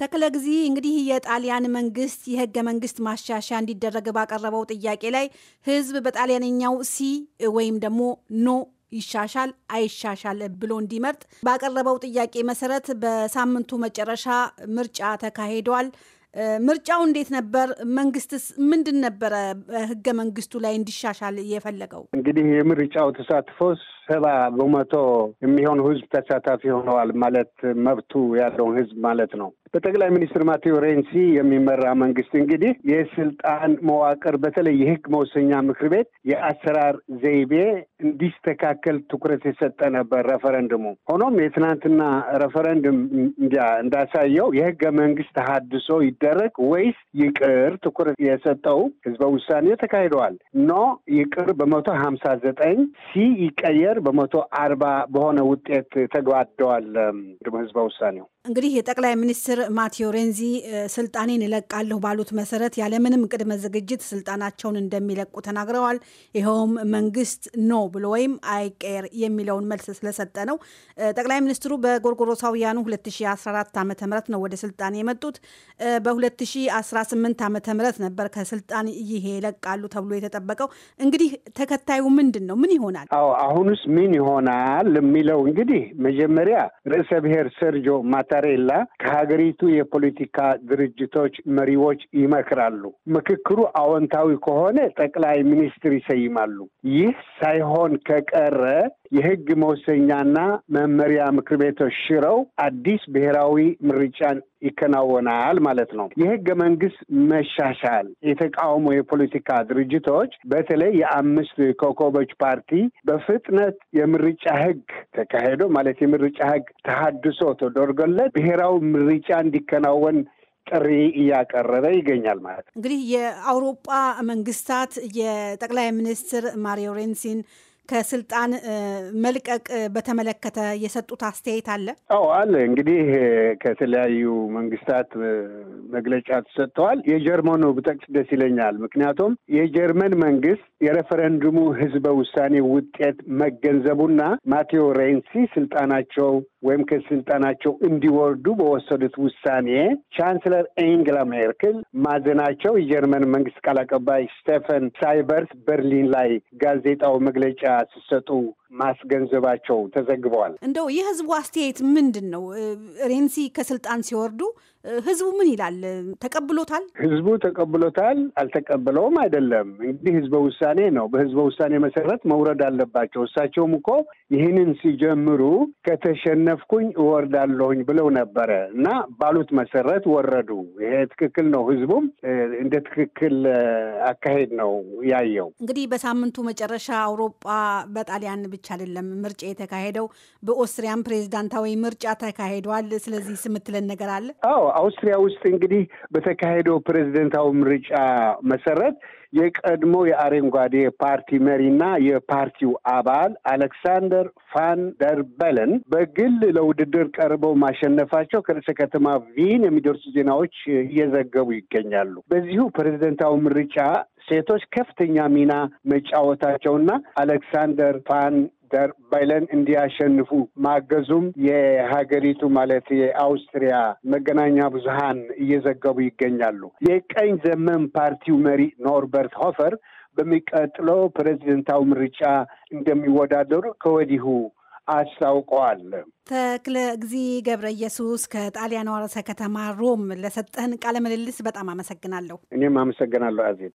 ተክለ ጊዜ እንግዲህ የጣሊያን መንግስት የህገ መንግስት ማሻሻያ እንዲደረግ ባቀረበው ጥያቄ ላይ ህዝብ በጣሊያንኛው ሲ ወይም ደግሞ ኖ ይሻሻል አይሻሻል ብሎ እንዲመርጥ ባቀረበው ጥያቄ መሰረት በሳምንቱ መጨረሻ ምርጫ ተካሂዷል። ምርጫው እንዴት ነበር? መንግስትስ ምንድን ነበረ ህገ መንግስቱ ላይ እንዲሻሻል የፈለገው? እንግዲህ የምርጫው ተሳትፎ ሰባ በመቶ የሚሆን ህዝብ ተሳታፊ ሆነዋል ማለት መብቱ ያለውን ህዝብ ማለት ነው። በጠቅላይ ሚኒስትር ማቴዎ ሬንሲ የሚመራ መንግስት እንግዲህ የስልጣን መዋቅር በተለይ የህግ መወሰኛ ምክር ቤት የአሰራር ዘይቤ እንዲስተካከል ትኩረት የሰጠ ነበር ረፈረንድሙ። ሆኖም የትናንትና ረፈረንድም እንዳሳየው የህገ መንግስት ተሀድሶ ይደረግ ወይስ ይቅር ትኩረት የሰጠው ህዝበ ውሳኔ ተካሂደዋል። ኖ ይቅር በመቶ ሀምሳ ዘጠኝ ሲ ይቀየር በመቶ አርባ በሆነ ውጤት ተጓደዋል። ህዝበ ውሳኔው እንግዲህ የጠቅላይ ሚኒስትር ማቴዮ ሬንዚ ስልጣኔን እለቃለሁ ባሉት መሰረት ያለምንም ቅድመ ዝግጅት ስልጣናቸውን እንደሚለቁ ተናግረዋል። ይኸውም መንግስት ኖ ብሎ ወይም አይቀር የሚለውን መልስ ስለሰጠ ነው። ጠቅላይ ሚኒስትሩ በጎርጎሮሳውያኑ 2014 ዓ ም ነው ወደ ስልጣን የመጡት። በ2018 ዓ ም ነበር ከስልጣን ይሄ ይለቃሉ ተብሎ የተጠበቀው። እንግዲህ ተከታዩ ምንድን ነው? ምን ይሆናል? አዎ አሁንስ ምን ይሆናል የሚለው እንግዲህ መጀመሪያ ርዕሰ ብሔር ሰርጆ ማታሬላ ከሀገሪ የሀገሪቱ የፖለቲካ ድርጅቶች መሪዎች ይመክራሉ። ምክክሩ አዎንታዊ ከሆነ ጠቅላይ ሚኒስትር ይሰይማሉ። ይህ ሳይሆን ከቀረ የህግ መወሰኛና መመሪያ ምክር ቤቶች ሽረው አዲስ ብሔራዊ ምርጫን ይከናወናል ማለት ነው። የህገ መንግስት መሻሻል የተቃውሞ የፖለቲካ ድርጅቶች በተለይ የአምስት ኮከቦች ፓርቲ በፍጥነት የምርጫ ህግ ተካሄዶ ማለት የምርጫ ህግ ተሃድሶ ተደርጎለት ብሔራዊ ምርጫ እንዲከናወን ጥሪ እያቀረበ ይገኛል ማለት ነው። እንግዲህ የአውሮጳ መንግስታት የጠቅላይ ሚኒስትር ማሪዮ ሬንሲን ከስልጣን መልቀቅ በተመለከተ የሰጡት አስተያየት አለ? አዎ አለ። እንግዲህ ከተለያዩ መንግስታት መግለጫ ተሰጥተዋል። የጀርመኑ ብጠቅስ ደስ ይለኛል። ምክንያቱም የጀርመን መንግስት የሬፈረንዱሙ ህዝበ ውሳኔ ውጤት መገንዘቡና ማቴዎ ሬንሲ ስልጣናቸው ወይም ከስልጣናቸው እንዲወርዱ በወሰዱት ውሳኔ ቻንስለር ኤንግላ ሜርክል ማዘናቸው የጀርመን መንግስት ቃል አቀባይ ስቴፈን ሳይበርት በርሊን ላይ ጋዜጣው መግለጫ ሲሰጡ ማስገንዘባቸው ተዘግበዋል። እንደው የህዝቡ አስተያየት ምንድን ነው? ሬንሲ ከስልጣን ሲወርዱ ህዝቡ ምን ይላል? ተቀብሎታል? ህዝቡ ተቀብሎታል? አልተቀበለውም አይደለም። እንግዲህ ህዝበ ውሳኔ ነው። በህዝበ ውሳኔ መሰረት መውረድ አለባቸው። እሳቸውም እኮ ይህንን ሲጀምሩ ከተሸነፍኩኝ እወርዳለሁኝ ብለው ነበረ እና ባሉት መሰረት ወረዱ። ይሄ ትክክል ነው። ህዝቡም እንደ ትክክል አካሄድ ነው ያየው። እንግዲህ በሳምንቱ መጨረሻ አውሮፓ በጣሊያን ብቻ አይደለም ምርጫ የተካሄደው፣ በኦስትሪያም ፕሬዚዳንታዊ ምርጫ ተካሂዷል። ስለዚህ ስምትለን ነገር አለ? አዎ አውስትሪያ ውስጥ እንግዲህ በተካሄደው ፕሬዚደንታዊ ምርጫ መሰረት የቀድሞ የአረንጓዴ ፓርቲ መሪና የፓርቲው አባል አሌክሳንደር ፋን ደር በለን በግል ለውድድር ቀርበው ማሸነፋቸው ከርዕሰ ከተማ ቪን የሚደርሱ ዜናዎች እየዘገቡ ይገኛሉ። በዚሁ ፕሬዚደንታዊ ምርጫ ሴቶች ከፍተኛ ሚና መጫወታቸውና አሌክሳንደር ፋን ደር ባይለን እንዲያሸንፉ ማገዙም የሀገሪቱ ማለት የአውስትሪያ መገናኛ ብዙሃን እየዘገቡ ይገኛሉ። የቀኝ ዘመን ፓርቲው መሪ ኖርበርት ሆፈር በሚቀጥለው ፕሬዚደንታዊ ምርጫ እንደሚወዳደሩ ከወዲሁ አስታውቀዋል። ተክለ ጊዜ ገብረ ኢየሱስ ከጣሊያን ዋረሰ ከተማ ሮም ለሰጠህን ቃለ ምልልስ በጣም አመሰግናለሁ። እኔም አመሰግናለሁ አዜብ።